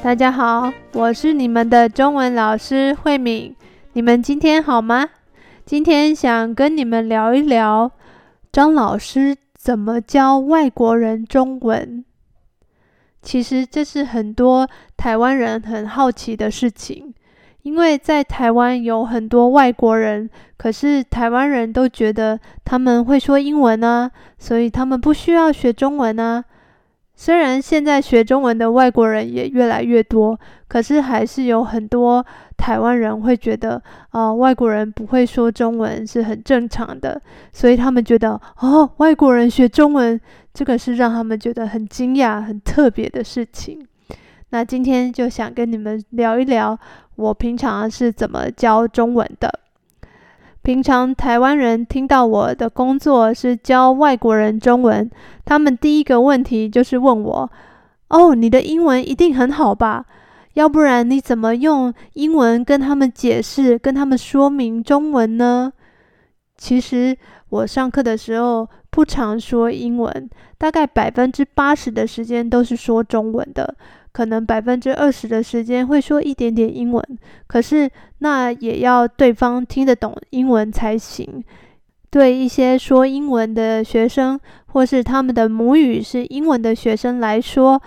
大家好，我是你們的中文老師慧敏。你們今天好嗎？今天想跟你們聊一聊張老師怎麼教外國人中文。其實這是很多台灣人很好奇的事情，因為在台灣有很多外國人，可是台灣人都覺得他們會說英文啊，所以他們不需要學中文啊。雖然現在學中文的外國人也越來越多，可是還是有很多台灣人會覺得，呃，外國人不會說中文是很正常的，所以他們覺得，哦，外國人學中文這個是讓他們覺得很驚訝、很特別的事情。那今天就想跟你們聊一聊，我平常是怎麼教中文的。平常台灣人聽到我的工作是教外國人中文，他們第一個問題就是問我：“哦，你的英文一定很好吧？要不然你怎麼用英文跟他們解釋、跟他們說明中文呢？”其實我上課的時候不常說英文，大概百分之八十的時間都是說中文的。可能百分之二十的時間會說一點點英文，可是那也要對方聽得懂英文才行。對一些說英文的學生，或是他們的母語是英文的學生來說，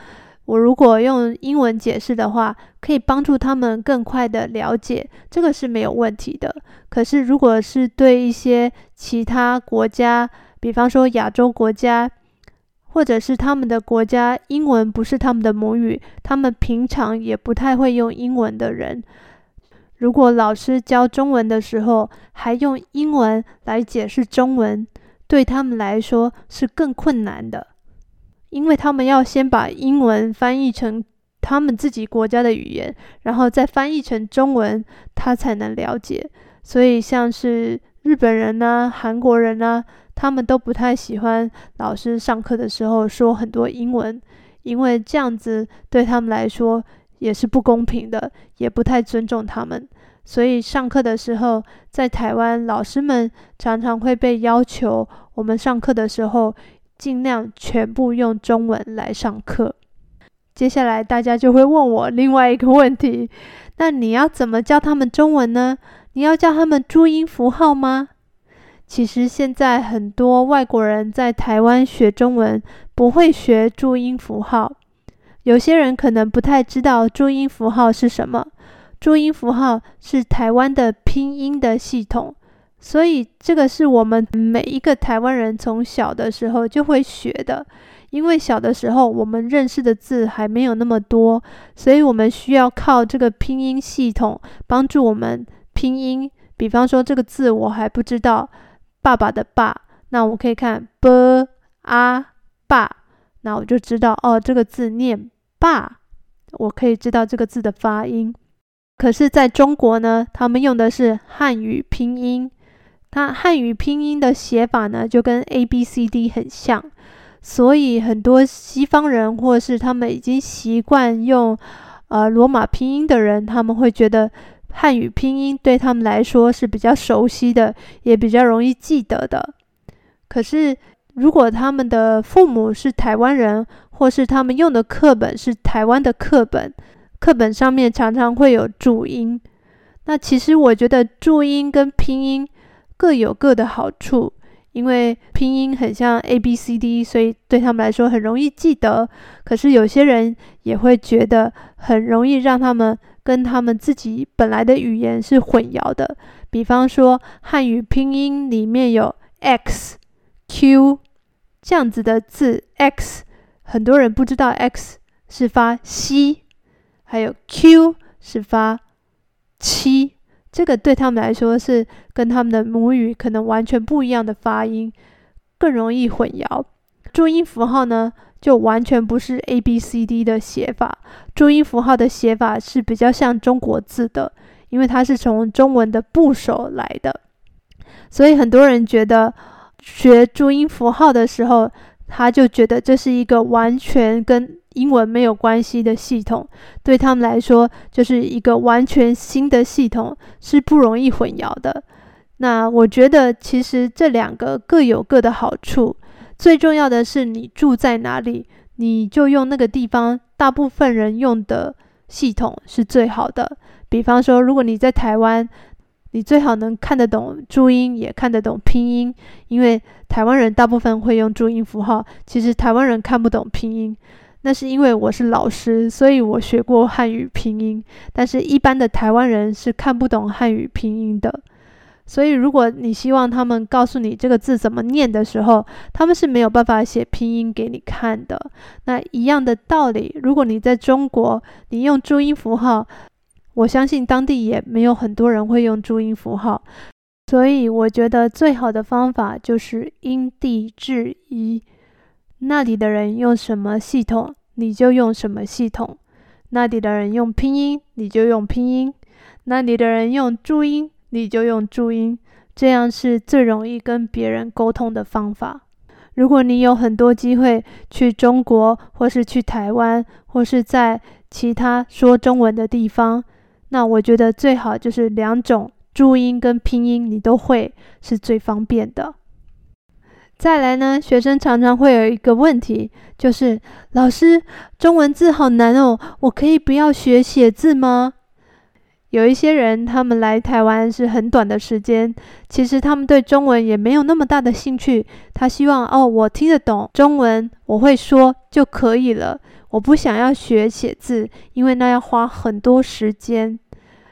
我如果用英文解釋的話，可以幫助他們更快地了解，這個是沒有問題的。可是如果是對一些其他國家，比方說亞洲國家，或者是他們的國家英文不是他們的母語，他們平常也不太會用英文的人。如果老師教中文的時候還用英文來解釋中文，對他們來說是更困難的，因為他們要先把英文翻譯成他們自己國家的語言，然後再翻譯成中文，他才能了解。所以像是日本人吶、啊、韓國人吶、啊。他們都不太喜歡老師上課的時候說很多英文，因為這樣子對他們來說也是不公平的，也不太尊重他們。所以上課的時候，在台灣，老師們常常會被要求我們上課的時候盡量全部用中文來上課。接下來大家就會問我另外一個問題，那你要怎麼教他們中文呢？你要教他們注音符號嗎？其實現在很多外國人在台灣學中文，不會學注音符號。有些人可能不太知道注音符號是什麼。注音符號是台灣的拼音的系統，所以這個是我們每一個台灣人從小的時候就會學的。因為小的時候我們認識的字還沒有那麼多，所以我們需要靠這個拼音系統幫助我們拼音。比方說這個字我還不知道。爸爸的爸，那我可以看 b a、啊、爸，那我就知道哦，這個字念爸，我可以知道這個字的發音。可是在中國呢，他們用的是漢語拼音，它漢語拼音的寫法呢就跟 a b c d 很像，所以很多西方人或是他們已經習慣用呃羅馬拼音的人，他們會覺得。漢語拼音對他們來說是比較熟悉的，也比較容易記得的。可是，如果他們的父母是台灣人，或是他們用的課本是台灣的課本，課本上面常常會有注音。那其實我覺得注音跟拼音各有各的好處，因為拼音很像 A B C D，所以對他們來說很容易記得。可是有些人也會覺得很容易讓他們。跟他們自己本來的語言是混淆的。比方說，漢語拼音裡面有 x、q 這樣子的字，x 很多人不知道 x 是發“西”，還有 q 是發“七”。這個對他們來說是跟他們的母語可能完全不一樣的發音，更容易混淆。注音符號呢？就完全不是 ABCD 的寫法，注音符號的寫法是比較像中國字的，因為它是從中文的部首來的，所以很多人覺得學注音符號的時候，他就覺得這是一個完全跟英文沒有關係的系統，對他們來說就是一個完全新的系統，是不容易混淆的。那我覺得其實這兩個各有各的好處。最重要的是，你住在哪裡，你就用那個地方大部分人用的系統是最好的。比方說，如果你在台灣，你最好能看得懂注音，也看得懂拼音，因為台灣人大部分會用注音符號。其實台灣人看不懂拼音，那是因為我是老師，所以我學過漢語拼音，但是一般的台灣人是看不懂漢語拼音的。所以，如果你希望他們告訴你這個字怎麼念的時候，他們是沒有辦法寫拼音給你看的。那一樣的道理，如果你在中國，你用注音符號，我相信當地也沒有很多人會用注音符號。所以，我覺得最好的方法就是因地制宜，那裡的人用什麼系統，你就用什麼系統；那裡的人用拼音，你就用拼音；那裡的人用注音，你就用注音，這樣是最容易跟別人溝通的方法。如果你有很多機會去中國，或是去台灣，或是在其他說中文的地方，那我覺得最好就是兩種注音跟拼音你都會，是最方便的。再來呢，學生常常會有一個問題，就是老師，中文字好難哦，我可以不要學寫字嗎？有一些人，他們來台灣是很短的時間，其實他們對中文也沒有那麼大的興趣。他希望，哦，我聽得懂中文，我會說就可以了，我不想要學寫字，因為那要花很多時間。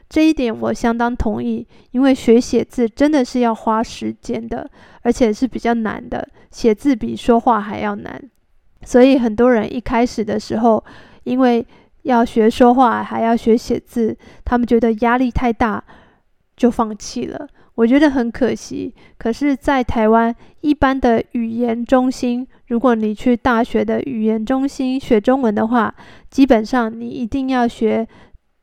這一點我相當同意，因為學寫字真的是要花時間的，而且是比較難的，寫字比說話還要難。所以很多人一開始的時候，因為要學說話，還要學寫字，他們覺得壓力太大，就放棄了。我覺得很可惜。可是，在台灣一般的語言中心，如果你去大學的語言中心學中文的話，基本上你一定要學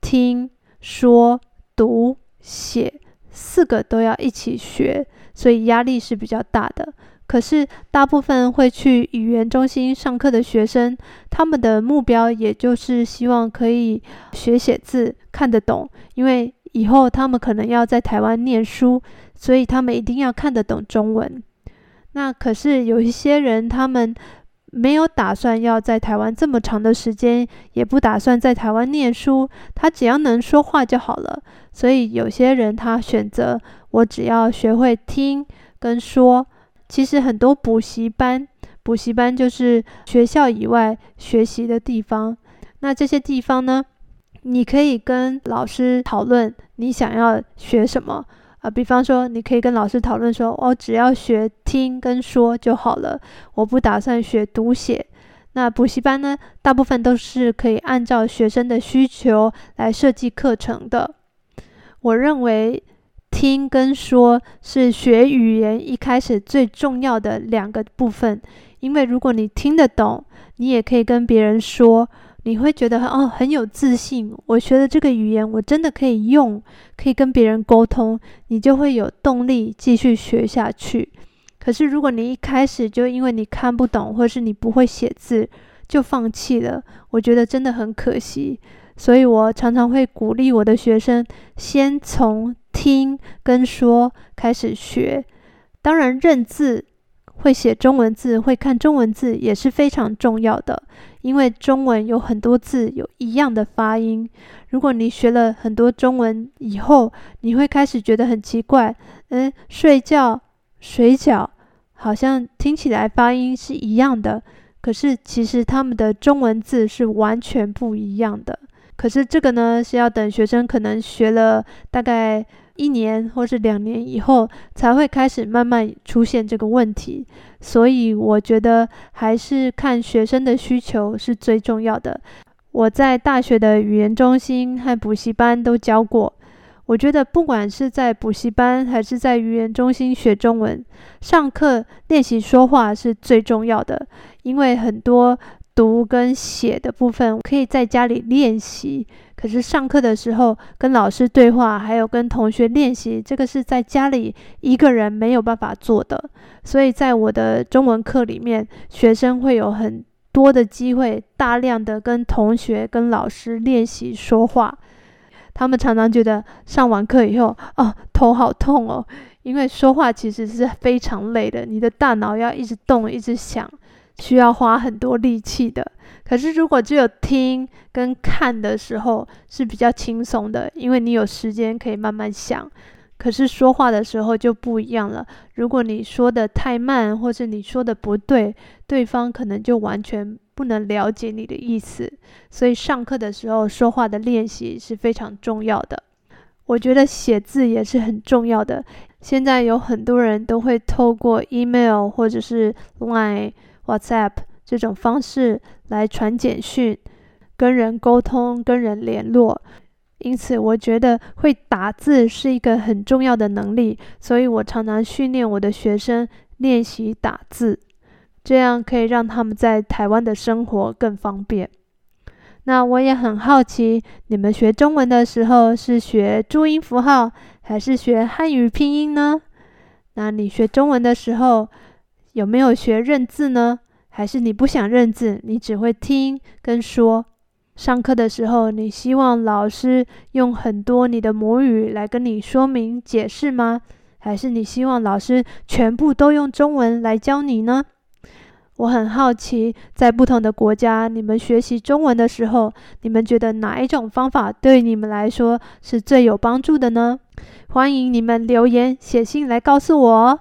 聽說讀寫四個都要一起學，所以壓力是比較大的。可是大部分會去語言中心上課的學生，他們的目標也就是希望可以學寫字、看得懂，因為以後他們可能要在台灣念書，所以他們一定要看得懂中文。那可是有一些人，他們沒有打算要在台灣這麼長的時間，也不打算在台灣念書，他只要能說話就好了。所以有些人他選擇，我只要學會聽跟說。其實很多補習班，補習班就是學校以外學習的地方。那這些地方呢，你可以跟老師討論你想要學什麼啊。比方說，你可以跟老師討論說，我、哦、只要學聽跟說就好了，我不打算學讀寫。那補習班呢，大部分都是可以按照學生的需求來設計課程的。我認為。聽跟說是學語言一開始最重要的兩個部分，因為如果你聽得懂，你也可以跟別人說，你會覺得哦，很有自信。我學的這個語言我真的可以用，可以跟別人溝通，你就會有動力繼續學下去。可是如果你一開始就因為你看不懂，或是你不會寫字就放棄了，我覺得真的很可惜。所以我常常會鼓勵我的學生先從。聽跟說開始學，當然認字、會寫中文字、會看中文字也是非常重要的。因為中文有很多字有一樣的發音，如果你學了很多中文以後，你會開始覺得很奇怪，嗯，睡覺、水餃好像聽起來發音是一樣的，可是其實他們的中文字是完全不一樣的。可是這個呢，是要等學生可能學了大概。一年或是兩年以後才會開始慢慢出現這個問題，所以我覺得還是看學生的需求是最重要的。我在大學的語言中心和補習班都教過，我覺得不管是在補習班還是在語言中心學中文，上課練習說話是最重要的，因為很多。讀跟寫的部分可以在家裡練習，可是上課的時候跟老師對話，還有跟同學練習，這個是在家裡一個人沒有辦法做的。所以在我的中文課裡面，學生會有很多的機會，大量的跟同學、跟老師練習說話。他們常常覺得上完課以後，哦、啊，頭好痛哦，因為說話其實是非常累的，你的大腦要一直動，一直想。需要花很多力氣的。可是，如果只有聽跟看的時候是比較輕鬆的，因為你有時間可以慢慢想。可是說話的時候就不一樣了。如果你說的太慢，或者你說的不對，對方可能就完全不能了解你的意思。所以上課的時候說話的練習是非常重要的。我覺得寫字也是很重要的。現在有很多人都會透過 email 或者是 Line。WhatsApp 這種方式來傳簡訊、跟人溝通、跟人聯絡，因此我覺得會打字是一個很重要的能力，所以我常常訓練我的學生練習打字，這樣可以讓他們在台灣的生活更方便。那我也很好奇，你們學中文的時候是學注音符號還是學漢語拼音呢？那你學中文的時候，有沒有學認字呢？還是你不想認字，你只會聽跟說？上課的時候，你希望老師用很多你的母語來跟你說明解釋嗎？還是你希望老師全部都用中文來教你呢？我很好奇，在不同的國家，你們學習中文的時候，你們覺得哪一種方法對你們來說是最有幫助的呢？歡迎你們留言寫信來告訴我哦。